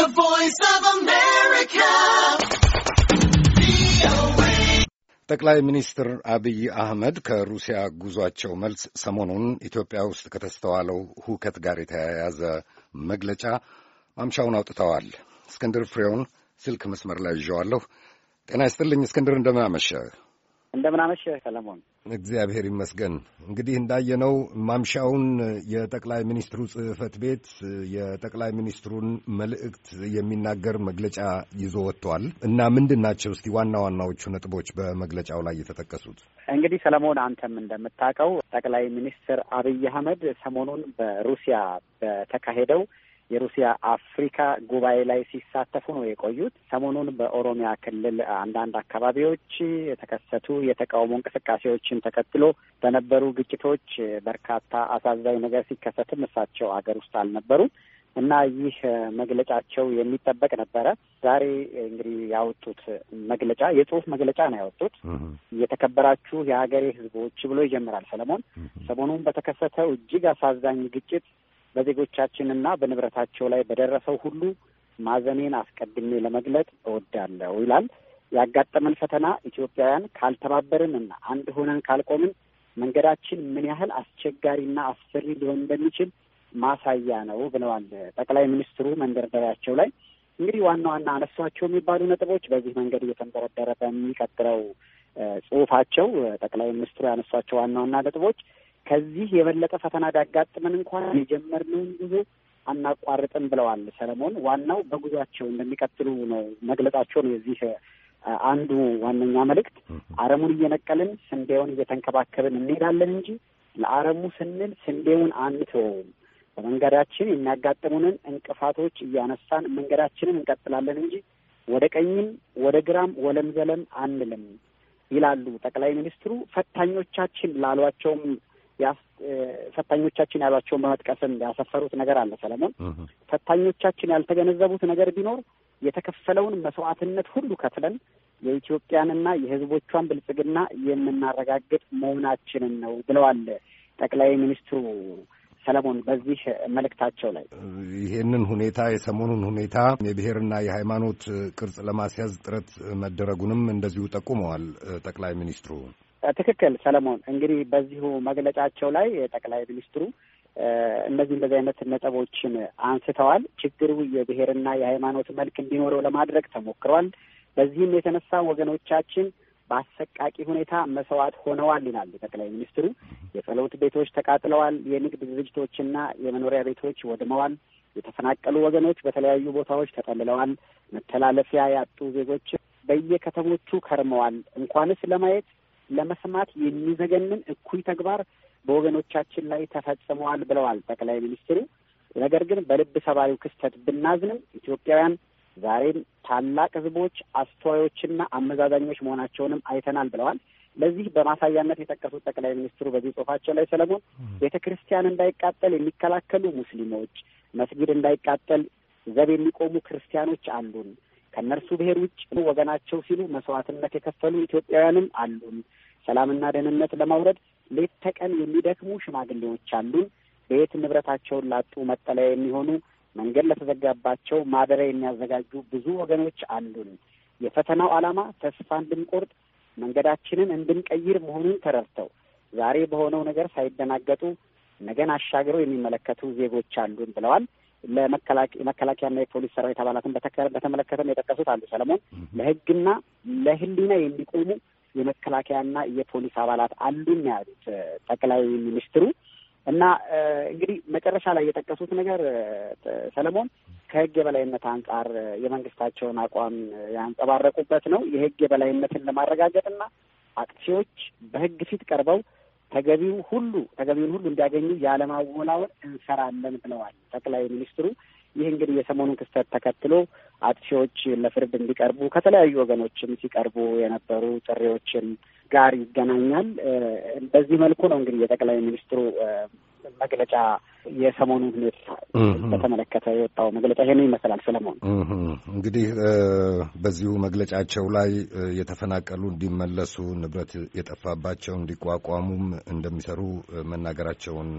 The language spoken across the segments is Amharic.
The Voice of America. ጠቅላይ ሚኒስትር አብይ አህመድ ከሩሲያ ጉዟቸው መልስ ሰሞኑን ኢትዮጵያ ውስጥ ከተስተዋለው ሁከት ጋር የተያያዘ መግለጫ ማምሻውን አውጥተዋል። እስክንድር ፍሬውን ስልክ መስመር ላይ ይዣዋለሁ። ጤና ይስጥልኝ እስክንድር፣ እንደምናመሸ እንደምናመሸ ሰለሞን እግዚአብሔር ይመስገን። እንግዲህ እንዳየነው ማምሻውን የጠቅላይ ሚኒስትሩ ጽህፈት ቤት የጠቅላይ ሚኒስትሩን መልእክት የሚናገር መግለጫ ይዞ ወጥቷል እና ምንድን ናቸው እስቲ ዋና ዋናዎቹ ነጥቦች በመግለጫው ላይ የተጠቀሱት? እንግዲህ ሰለሞን፣ አንተም እንደምታውቀው ጠቅላይ ሚኒስትር አብይ አህመድ ሰሞኑን በሩሲያ በተካሄደው የሩሲያ አፍሪካ ጉባኤ ላይ ሲሳተፉ ነው የቆዩት። ሰሞኑን በኦሮሚያ ክልል አንዳንድ አካባቢዎች የተከሰቱ የተቃውሞ እንቅስቃሴዎችን ተከትሎ በነበሩ ግጭቶች በርካታ አሳዛኝ ነገር ሲከሰትም እሳቸው አገር ውስጥ አልነበሩም እና ይህ መግለጫቸው የሚጠበቅ ነበረ። ዛሬ እንግዲህ ያወጡት መግለጫ የጽሁፍ መግለጫ ነው ያወጡት። የተከበራችሁ የሀገሬ ሕዝቦች ብሎ ይጀምራል ሰለሞን። ሰሞኑን በተከሰተው እጅግ አሳዛኝ ግጭት በዜጎቻችንና በንብረታቸው ላይ በደረሰው ሁሉ ማዘኔን አስቀድሜ ለመግለጥ እወዳለሁ ይላል። ያጋጠመን ፈተና ኢትዮጵያውያን ካልተባበርንና አንድ ሆነን ካልቆምን መንገዳችን ምን ያህል አስቸጋሪና አስፈሪ ሊሆን እንደሚችል ማሳያ ነው ብለዋል ጠቅላይ ሚኒስትሩ መንደርደሪያቸው ላይ። እንግዲህ ዋና ዋና አነሷቸው የሚባሉ ነጥቦች በዚህ መንገድ እየተንደረደረ በሚቀጥለው ጽሁፋቸው ጠቅላይ ሚኒስትሩ ያነሷቸው ዋና ዋና ነጥቦች ከዚህ የበለጠ ፈተና ቢያጋጥመን እንኳን የጀመርነውን ጉዞ አናቋርጥም ብለዋል ሰለሞን። ዋናው በጉዟቸው እንደሚቀጥሉ ነው መግለጻቸው ነው የዚህ አንዱ ዋነኛ መልእክት። አረሙን እየነቀልን ስንዴውን እየተንከባከብን እንሄዳለን እንጂ ለአረሙ ስንል ስንዴውን አንተውም። በመንገዳችን የሚያጋጥሙንን እንቅፋቶች እያነሳን መንገዳችንን እንቀጥላለን እንጂ ወደ ቀኝም ወደ ግራም ወለም ዘለም አንልም ይላሉ ጠቅላይ ሚኒስትሩ። ፈታኞቻችን ላሏቸውም ፈታኞቻችን ያሏቸውን በመጥቀስም ያሰፈሩት ነገር አለ። ሰለሞን ፈታኞቻችን ያልተገነዘቡት ነገር ቢኖር የተከፈለውን መስዋዕትነት ሁሉ ከፍለን የኢትዮጵያንና የሕዝቦቿን ብልጽግና የምናረጋግጥ መሆናችንን ነው ብለዋል ጠቅላይ ሚኒስትሩ ሰለሞን በዚህ መልእክታቸው ላይ ይህንን ሁኔታ የሰሞኑን ሁኔታ የብሔርና የሃይማኖት ቅርጽ ለማስያዝ ጥረት መደረጉንም እንደዚሁ ጠቁመዋል ጠቅላይ ሚኒስትሩ። ትክክል ሰለሞን። እንግዲህ በዚሁ መግለጫቸው ላይ ጠቅላይ ሚኒስትሩ እነዚህ እንደዚህ አይነት ነጥቦችን አንስተዋል። ችግሩ የብሔርና የሃይማኖት መልክ እንዲኖረው ለማድረግ ተሞክሯል። በዚህም የተነሳ ወገኖቻችን በአሰቃቂ ሁኔታ መስዋዕት ሆነዋል ይላሉ ጠቅላይ ሚኒስትሩ። የጸሎት ቤቶች ተቃጥለዋል። የንግድ ድርጅቶችና የመኖሪያ ቤቶች ወድመዋል። የተፈናቀሉ ወገኖች በተለያዩ ቦታዎች ተጠልለዋል። መተላለፊያ ያጡ ዜጎች በየከተሞቹ ከርመዋል። እንኳንስ ለማየት ለመስማት የሚዘገንን እኩይ ተግባር በወገኖቻችን ላይ ተፈጽመዋል ብለዋል ጠቅላይ ሚኒስትሩ። ነገር ግን በልብ ሰባሪው ክስተት ብናዝንም ኢትዮጵያውያን ዛሬም ታላቅ ህዝቦች አስተዋዮችና አመዛዛኞች መሆናቸውንም አይተናል ብለዋል። ለዚህ በማሳያነት የጠቀሱት ጠቅላይ ሚኒስትሩ በዚህ ጽሁፋቸው ላይ ሰለሞን ቤተ ክርስቲያን እንዳይቃጠል የሚከላከሉ ሙስሊሞች፣ መስጊድ እንዳይቃጠል ዘብ የሚቆሙ ክርስቲያኖች አሉን። ከእነርሱ ብሔር ውጭ ወገናቸው ሲሉ መስዋዕትነት የከፈሉ ኢትዮጵያውያንም አሉን። ሰላምና ደህንነት ለማውረድ ሌት ተቀን የሚደክሙ ሽማግሌዎች አሉን። በየት ንብረታቸውን ላጡ መጠለያ የሚሆኑ መንገድ ለተዘጋባቸው ማደሪያ የሚያዘጋጁ ብዙ ወገኖች አሉን። የፈተናው ዓላማ ተስፋ እንድንቆርጥ መንገዳችንን እንድንቀይር መሆኑን ተረድተው ዛሬ በሆነው ነገር ሳይደናገጡ ነገን አሻግረው የሚመለከቱ ዜጎች አሉን ብለዋል። ለመከላከያና የፖሊስ ሰራዊት አባላትን በተመለከተም የጠቀሱት አሉ ሰለሞን ለህግና ለህሊና የሚቆሙ የመከላከያና የፖሊስ አባላት አሉን ያሉት ጠቅላይ ሚኒስትሩ እና እንግዲህ መጨረሻ ላይ የጠቀሱት ነገር ሰለሞን ከህግ የበላይነት አንጻር የመንግስታቸውን አቋም ያንጸባረቁበት ነው። የህግ የበላይነትን ለማረጋገጥና አጥፊዎች በህግ ፊት ቀርበው ተገቢው ሁሉ ተገቢውን ሁሉ እንዲያገኙ ያለማወላወል እንሰራለን ብለዋል ጠቅላይ ሚኒስትሩ። ይህ እንግዲህ የሰሞኑን ክስተት ተከትሎ አጥፊዎች ለፍርድ እንዲቀርቡ ከተለያዩ ወገኖችም ሲቀርቡ የነበሩ ጥሪዎችን ጋር ይገናኛል። በዚህ መልኩ ነው እንግዲህ የጠቅላይ ሚኒስትሩ መግለጫ የሰሞኑ ሁኔታ በተመለከተ የወጣው መግለጫ ይሄን ይመስላል። ሰለሞን፣ እንግዲህ በዚሁ መግለጫቸው ላይ የተፈናቀሉ እንዲመለሱ፣ ንብረት የጠፋባቸው እንዲቋቋሙም እንደሚሰሩ መናገራቸውን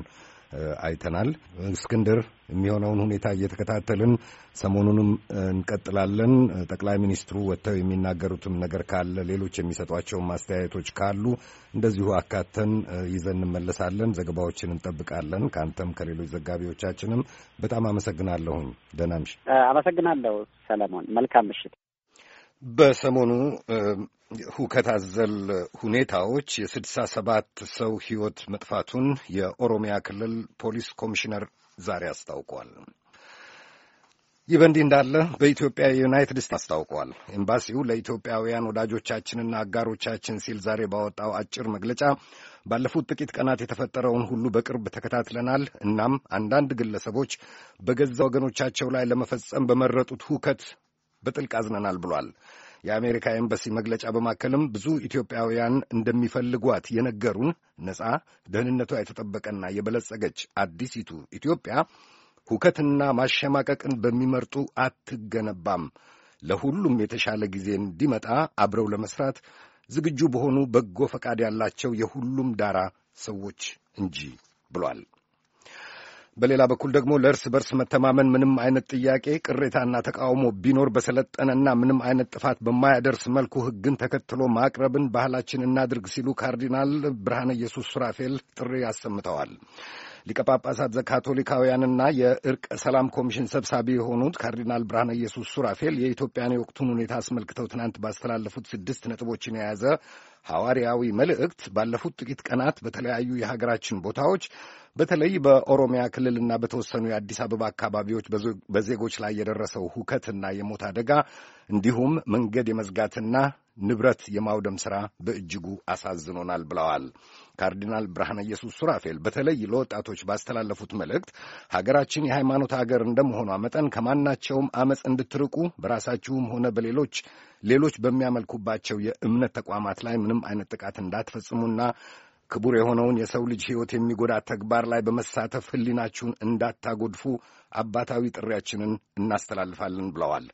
አይተናል። እስክንድር የሚሆነውን ሁኔታ እየተከታተልን ሰሞኑንም እንቀጥላለን። ጠቅላይ ሚኒስትሩ ወጥተው የሚናገሩትም ነገር ካለ፣ ሌሎች የሚሰጧቸውን ማስተያየቶች ካሉ እንደዚሁ አካተን ይዘን እንመለሳለን። ዘገባዎችን እንጠብቃለን ከአንተም ከሌሎች ዘጋቢዎቻችንም። በጣም አመሰግናለሁኝ። ደህና ምሽት። አመሰግናለሁ ሰለሞን። መልካም ምሽት። በሰሞኑ ሁከት አዘል ሁኔታዎች የስድሳ ሰባት ሰው ሕይወት መጥፋቱን የኦሮሚያ ክልል ፖሊስ ኮሚሽነር ዛሬ አስታውቋል። ይህ በእንዲህ እንዳለ በኢትዮጵያ የዩናይትድ ስቴትስ አስታውቋል። ኤምባሲው ለኢትዮጵያውያን ወዳጆቻችንና አጋሮቻችን ሲል ዛሬ ባወጣው አጭር መግለጫ ባለፉት ጥቂት ቀናት የተፈጠረውን ሁሉ በቅርብ ተከታትለናል። እናም አንዳንድ ግለሰቦች በገዛ ወገኖቻቸው ላይ ለመፈጸም በመረጡት ሁከት በጥልቅ አዝነናል ብሏል። የአሜሪካ ኤምባሲ መግለጫ በማከልም ብዙ ኢትዮጵያውያን እንደሚፈልጓት የነገሩን ነጻ ደህንነቷ የተጠበቀና የበለጸገች አዲሲቱ ኢትዮጵያ ሁከትና ማሸማቀቅን በሚመርጡ አትገነባም፣ ለሁሉም የተሻለ ጊዜ እንዲመጣ አብረው ለመስራት ዝግጁ በሆኑ በጎ ፈቃድ ያላቸው የሁሉም ዳራ ሰዎች እንጂ ብሏል። በሌላ በኩል ደግሞ ለእርስ በርስ መተማመን ምንም አይነት ጥያቄ፣ ቅሬታና ተቃውሞ ቢኖር በሰለጠነና ምንም አይነት ጥፋት በማያደርስ መልኩ ሕግን ተከትሎ ማቅረብን ባህላችን እናድርግ ሲሉ ካርዲናል ብርሃነ ኢየሱስ ሱራፌል ጥሪ አሰምተዋል። ሊቀ ጳጳሳት ዘካቶሊካውያንና የእርቅ ሰላም ኮሚሽን ሰብሳቢ የሆኑት ካርዲናል ብርሃነ ኢየሱስ ሱራፌል የኢትዮጵያን የወቅቱን ሁኔታ አስመልክተው ትናንት ባስተላለፉት ስድስት ነጥቦችን የያዘ ሐዋርያዊ መልእክት ባለፉት ጥቂት ቀናት በተለያዩ የሀገራችን ቦታዎች በተለይ በኦሮሚያ ክልልና በተወሰኑ የአዲስ አበባ አካባቢዎች በዜጎች ላይ የደረሰው ሁከትና የሞት አደጋ እንዲሁም መንገድ የመዝጋትና ንብረት የማውደም ሥራ በእጅጉ አሳዝኖናል ብለዋል። ካርዲናል ብርሃነ ኢየሱስ ሱራፌል በተለይ ለወጣቶች ባስተላለፉት መልእክት ሀገራችን የሃይማኖት አገር እንደመሆኗ መጠን ከማናቸውም አመፅ እንድትርቁ በራሳችሁም ሆነ በሌሎች ሌሎች በሚያመልኩባቸው የእምነት ተቋማት ላይ ምንም አይነት ጥቃት እንዳትፈጽሙና ክቡር የሆነውን የሰው ልጅ ሕይወት የሚጎዳ ተግባር ላይ በመሳተፍ ሕሊናችሁን እንዳታጎድፉ አባታዊ ጥሪያችንን እናስተላልፋለን ብለዋል።